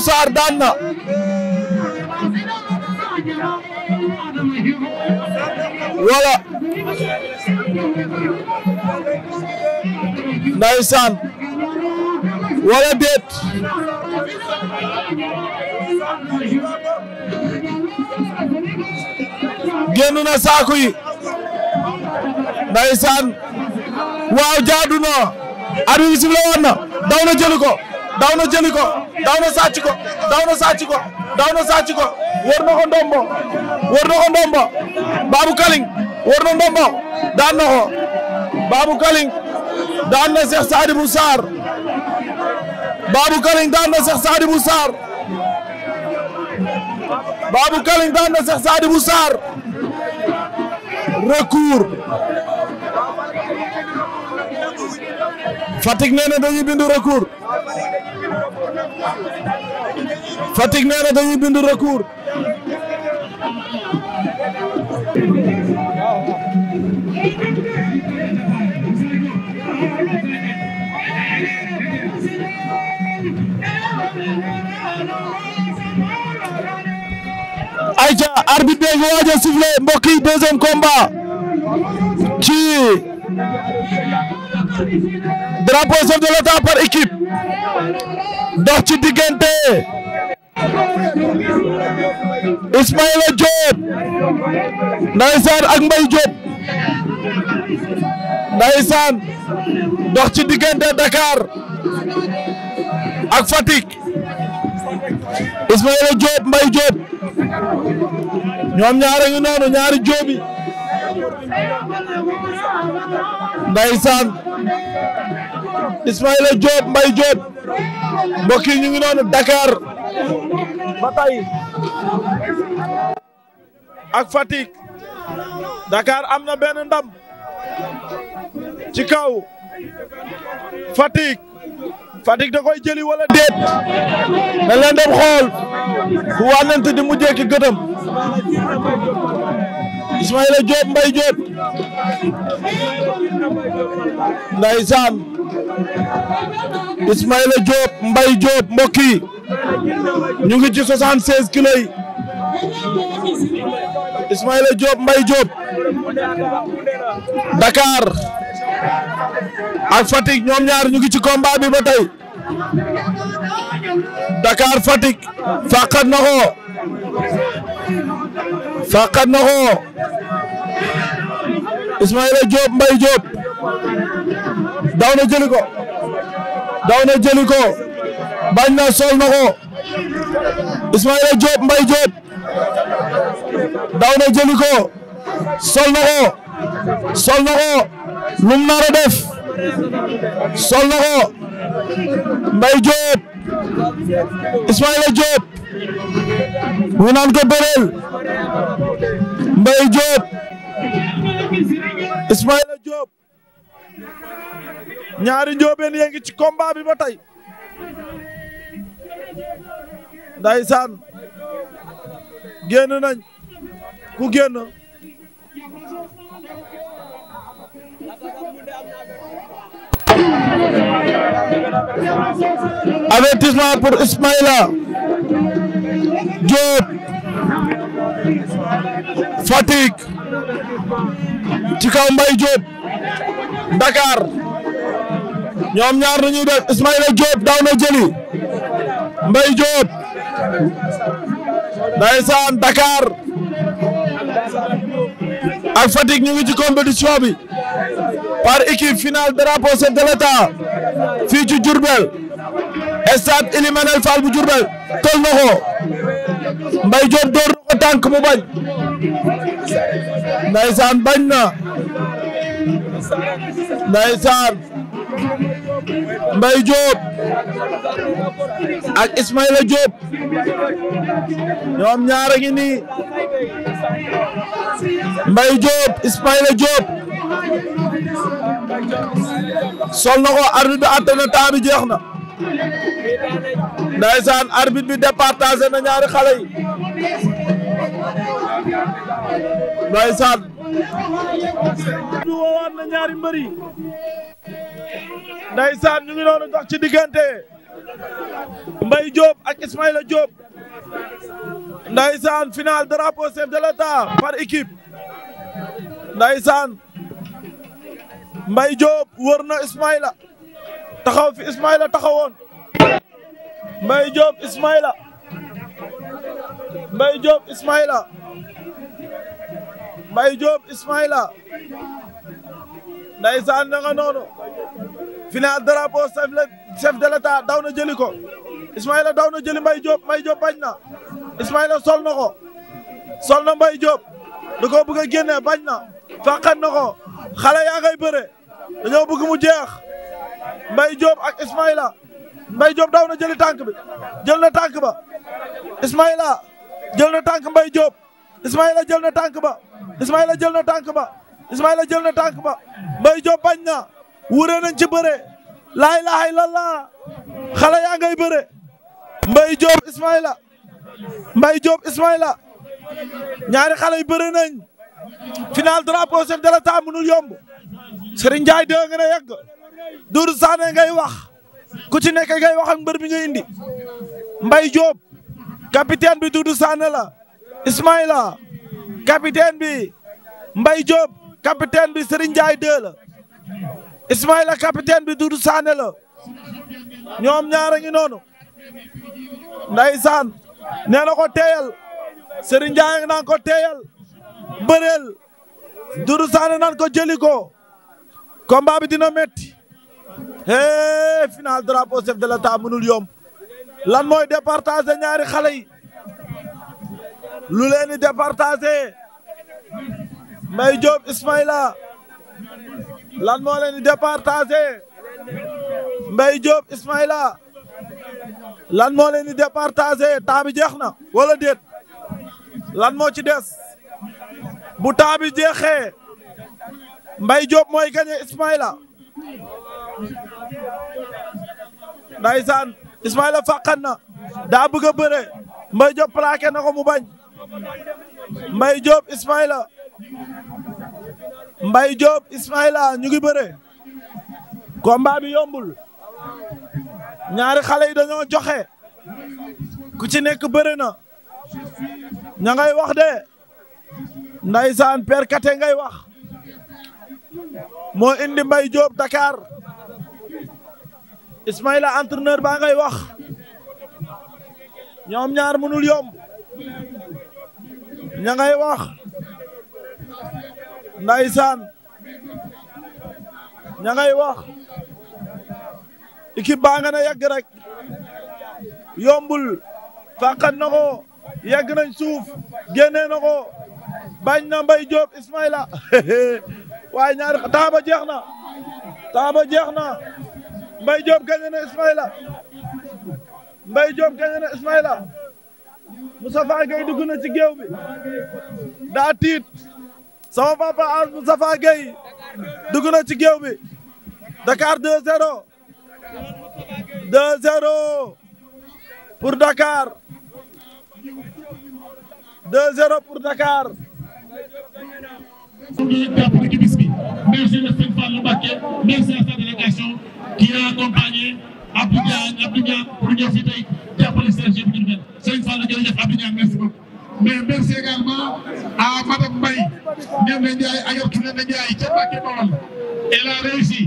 Sarr daan na wala ndeysaan wala déet génn na saaku yi ndeysaan waaw jaadu na arbitre bi sifflé daw na jëli ko daw na jëli ko daw na sàcc ko daw na sàcc ko daw na sàcc ko war ko ndombo war ko ndombo Babou Kaling war ndombo daan na ko Babou Kaling daan na Cheikh Sadibou Sarr Babou Kaling daan na Cheikh Sadibou Sarr Babou Kaling daan na Cheikh Sadibou Sarr recours Fatick nee dañuy bindu recours Fatick nee na dañuy bindu recours arbitre bi nga waaj a sifflé mbokk ci drapeau chef de par équipe dox ci diggante Ismaïla Diop ndaysaan ak Mbaye Diop ndaysaan dox ci diggante Dakar ak Fatick Ismaïla Diop Mbaye Diop ñoom ñaare ñu noonu ñaari Diopi ndeysaan Ismaïla Diop Mbaye Diop mbokk yi ñu ngi noonu Dakar ba tey ak Fatick Dakar am na benn ndam ci kaw Fatick da koy jëli wala déet na leen dem xool ku wànnante di mujjee ki gëtam Ismaïla Diop Mbaye Diop ndeysaan Ismaïla Diop Mbaye Diop mbokk ñu ngi ci 76 kilos Ismaïla Diop Mbaye Diop Dakar ak Fatick ñoom ñaar ñu ngi ci combat bi ba tey Dakar Fatick fàqat na ko fàqat na ko Ismaïla Diop Mbaye Diop daw na jëli ko daw na bañ na sol na ko Ismaïla Diop Mbaye Diop daw na sol na ko sol na ko lum nara def sol na ko Mbaye Diop Ismaïla Diop ñu naan ko bëreel Mbaye Diop Ismaïla Diop ñaari njóobeen yee ngi ci combat bi ba tey ndaysaan génn nañ ku génn avertissement pour Ismaïla Diop Fatick ci kaw Mbaye Diop Dakar ñoom ñaar nañuy def Ismaïla Diop daaw na jëli Mbaye Diop ndeysaan Dakar ak Fatick ñu ngi ci compétition bi par équipe finale drapeau chef de l'État fii ci Diourbel stade Ely bu Diourbel tol na ko Mbaye door na ko mu bañ ndaysaan bañ na ndaysaan Mbaye Diop ak Ismaïla Diop ñoom ñaar a ngi nii Mbaye Diop sol na ko arbitre bi atte na temps jeex na ndaysaan arbitre bi départagé na ñaari xale yi ndaysaan bi wowoon na ñaari mbër yi ndeysaan ñu ngi noonu dox ci diggante Mbaye Diop ak Ismaïla Diop ndeysaan final drapeau chef de l'État par équipe ndeysaan Mbaye Diop wër na Ismaïla taxaw fi Ismaïla taxawoon Mbaye Diop Ismaïla Mbaye Diop Ismaïla Mbaye Diop Ismaïla ndeysaan na nga noonu final drapeau chef la chef daw na jëli ko Ismaïla daw na jëli Mbaye Diop Mbaye Diop bañ na Ismaïla sol na ko sol na Mbaye Diop da koo bëgg a bañ na fàqat na xale yaa ngay bëre bëgg mu jeex Mbaye Diop ak Ismaïla Mbaye Diop daw na jëli tànk bi jël na tànk ba Ismaïla jël na tànk Mbaye Diop Ismaïla jël na tànk ba Ismaïla jël na tànk ba Ismaïla jël na tànk ba Mbaye Diop bañ na wuree nañ ci bëre laa ilaaha illallah xale yaa ngay bëre Mbaye Diop Ismaïla Mbaye Diop Ismaïla ñaari xale yu bëre nañ final drapeau chef de l'État mënul yomb Serigne Ndiaye dégg nga ne yegg Doudou Sané ngay wax ku ci nekk ngay wax ak mbër mi nga indi Mbaye Diop capitaine bi Doudou Sané la Ismaïla capitaine bi Mbaye Diop capitaine bi Serigne Ndiaye 2 la Ismaïla capitaine bi Doudou Sané la ñoom ñaar a ngi noonu ndaysaan nee na ko teeyal Serigne Ndiaye naan ko teeyal bëreel Doudou Sané naan ko jëli ko combat bi dina metti hee final drapeau chef de l'État mënul yomb lan mooy départager ñaari xale yi lu leen di départager Mbaye Diop lan moo leen di départager Mbaye Ismaïla lan moo leen di départager bi jeex na wala déet lan moo ci des bu temps bi jeexee Mbaye Diop mooy gagné Ismaïla ndaysaan Ismaïla fàqan na daa bëgg a bëre Mbaye Diop plaqué ko mu bañ Mbaye Diop Ismaïla Mbaye Diop Ismaïla ñu ngi bëre combat bi yombul ñaari xale yi dañoo joxe ku ci nekk bëre na ña ngay wax de ndaysaan per kate ngay wax moo indi Mbaye Diop Dakar Ismaïla entraîneur baa ngay wax ñoom ñaar mënul yomb ña ngay wax ndaysaan ña ngay wax équipe baa nga rek yombul fàqat na ko yegg nañ suuf génnee na bañ na Mbaye Diop Ismaïla <laughs> waaye ñaari temps jeex na temps ba jeex na Mbaye Diop gañe na Ismaïla Mbaye Diop gañe na Ismaïla Moussa Faye Gueye na ci géew bi daa tiit sama papa Al Moustapha Gueye dugg na ci géew bi Dakar 2-0 2-0 pour Dakar 2-0 pour Dakar. pour ñu jàppale ci bis bi merci le sëñ Fallou Mbacké merci à sa délégation qui a accompagné Abdou Diagne Abdou Diagne pour ñëw fi tey jàppale Serge Ndiourbel sëñ Fallou jërëjëf Abdou Diagne merci beaucoup mais merci également à madame Ndiaga Ndiaye Ajaratu Ndiaga Ndiaye ca Mbàkke Bawol elle a réussi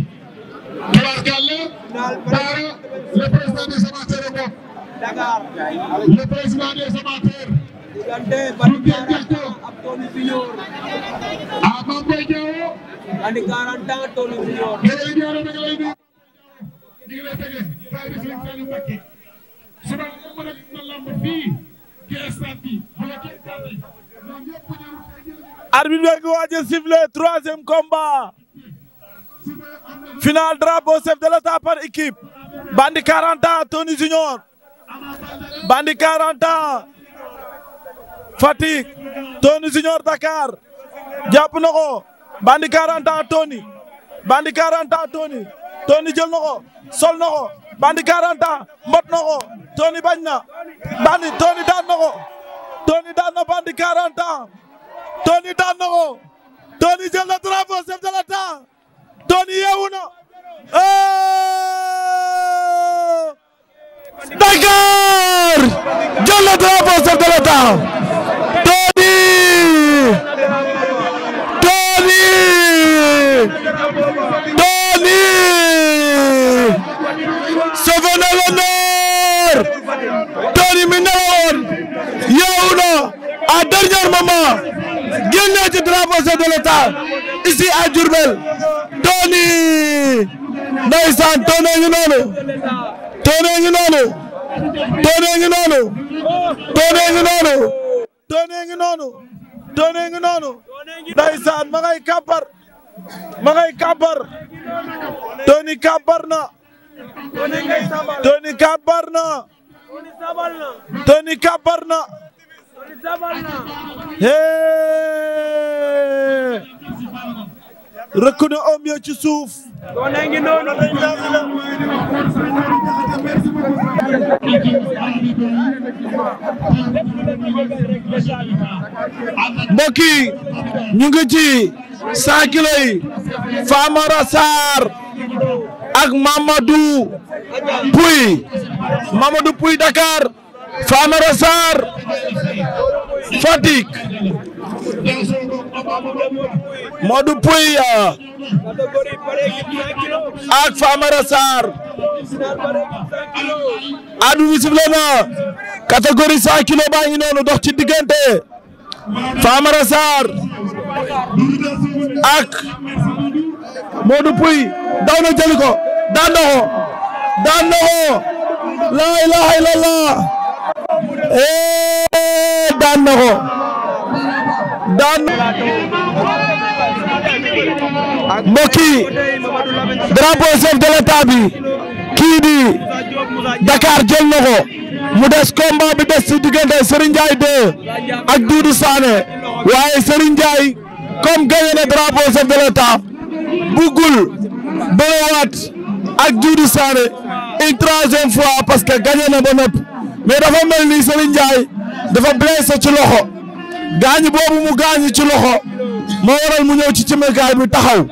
tubaarkàlla par le président des amateurs bopp le président des amateurs du bien jàkko ah Mame Boye Diao andi 40 ans Tony Junior Ndiaga Ndiaye nag lay nuyu ñu ngi lay tege tay bi Serigne Saliou Mbacké suba mën a na lamb fii ci stade bi bu la kenn tardé ñoom ñëpp ñëw arbitre bi ngi waaj a sifflé troisième combat final drapeau chef de l'état par équipe Bandi 40 ans Junior Bandi 40 ans Fatick Junior Dakar jàpp na Bandi 40 ans Bandi 40 ans Tony Tony jël sol na Bandi 40 mbot na ko bañ na Bandi Tony daan na ko Tony na Bandi 40 Tony daan na ko Tony jël na drapeau chef de l'État Tony na Dakar jël na drapeau chef de l'État Tony Tony Tony sauvé na l'honneur Tony mi newoon yeewu na à génnee ci drapeau chef de l'État ici à Diourbel Tony ndeysaan Tony ngi noonu Tony noonu Tony noonu Tony noonu Tony ngi noonu Tony ngi noonu ndeysaan ma na Tony kàppar na hee rëkk na om ya ci suuf. mbokk yi ñu ngi ci 100 kilos yi Famara Sarr ak Mamadou Pouy Mamadou Pouy Dakar. Famara Sarr Fatick Modou Pouye ak Famara Sarr adu wisifle na catégorie 100 kilo baa ngi noonu dox ci diggante Famara Sarr ak Modou Pouye daw na jëli ko daan na daan na la ilaha ee eh, daan na ko daan mbokk yi drapeau chef de l'état bi kii di Dakar jël na mu des combat bi des diggante Serigne Ndiaye ak Doudou Sané waaye Serigne comme gagné na drapeau chef de l'état buggul bëriwaat ak Doudou Sané une troisième fois parce que gagné na ba noppi. mais dafa mel ni Serigne dafa blessé ci loxo gaañu boobu mu gaañu ci loxo moo waral mu ñëw ci cimekaay bi taxaw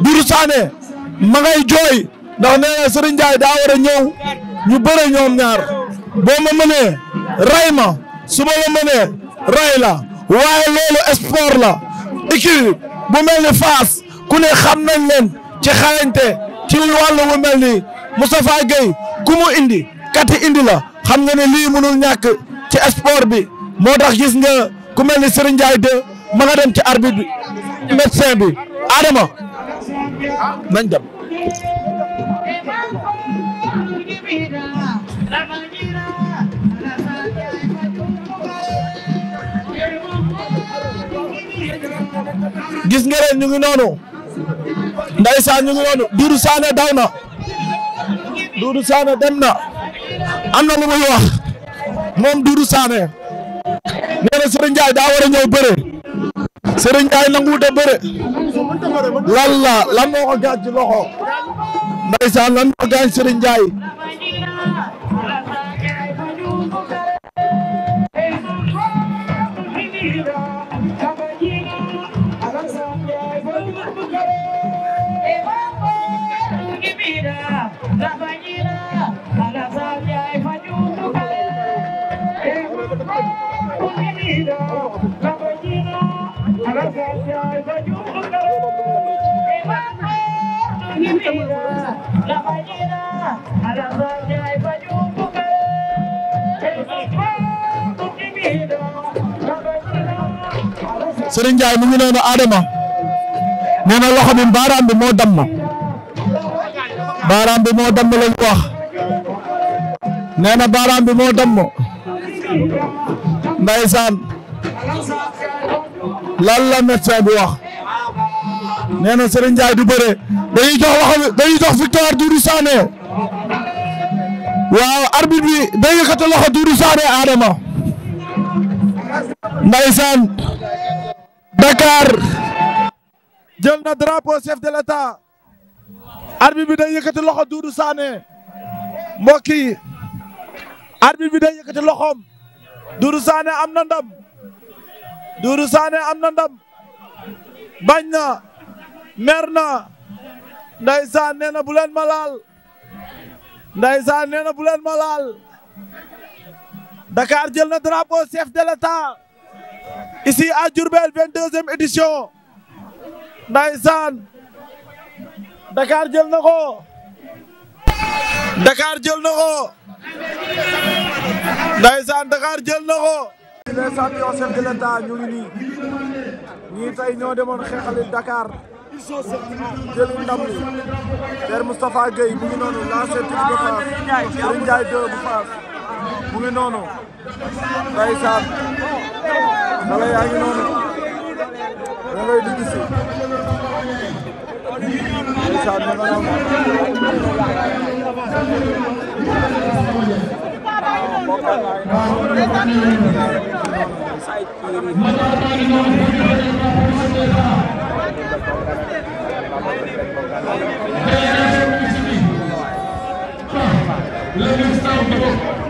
Doudou Sané ma jooy ndax nee na daa war a ñëw ñu bëre ñoom ñaar boo ma mënee ray ma su ma la mënee ray la loolu sport la équipe mel ni Fass ku ne xam nañ leen ci xarañte ci wàllu bu mel ni Moustapha Gueye ku mu indi kati indi xam nga ne lii mënul ñàkk ci sport bi moo tax gis nga ku mel ni Serigne Ndiaye de ma nga dem ci arbitre bi médecin bi Adama nañ dem. gis nga ren ñu ngi noonu ndeysaan ñu ngi noonu Doudou Sané daw na Doudou Sané dem na. am na lu muy wax moom Doudou Sané nee na Serigne daa war ñëw bëre Serigne Ndiaye nanguwut a bëre lan lan moo ko gaañ ci loxo lan moo gaañ Serigne Ndiaye Serigne Ndiaye mu ngi noonu Adama nee na loxo bi baaraam bi moo damm baaraam bi moo damm lañ wax na baaraam bi moo damm ndeysaan lan la wax nee na Serigne du bëre dañuy jox loxo dañuy jox victoire Doudou bi day yëkkati loxo Doudou Sané Adama ndeysaan Dakar jël na drapeau chef de l'État arbitre bi da yëkkati loxo Doudou Sané mbokk yi arbitre bi day yëkkati loxoom Doudou Sané am na ndam Doudou Sané am na ndam bañ na mer na ndeysaan nee na bu leen ma laal ndeysaan leen ma laal jël na drapeau chef de l'État ici à Diourbel 22e édition ndaysaan Dakar jël na ko jël na ko ndaysaan Dakar jël na ko les champions chef de ngi nii ñoo demoon xeexali Dakar jëli ndam li Père Moustapha Gueye mu ngi noonu lancé tur de Fass Serigne Ndiaye 2 mu ngi noonu ndeysaan xale yaa ngi noonu da ngay di gis ndeysaan ma nga noonu Let him stop the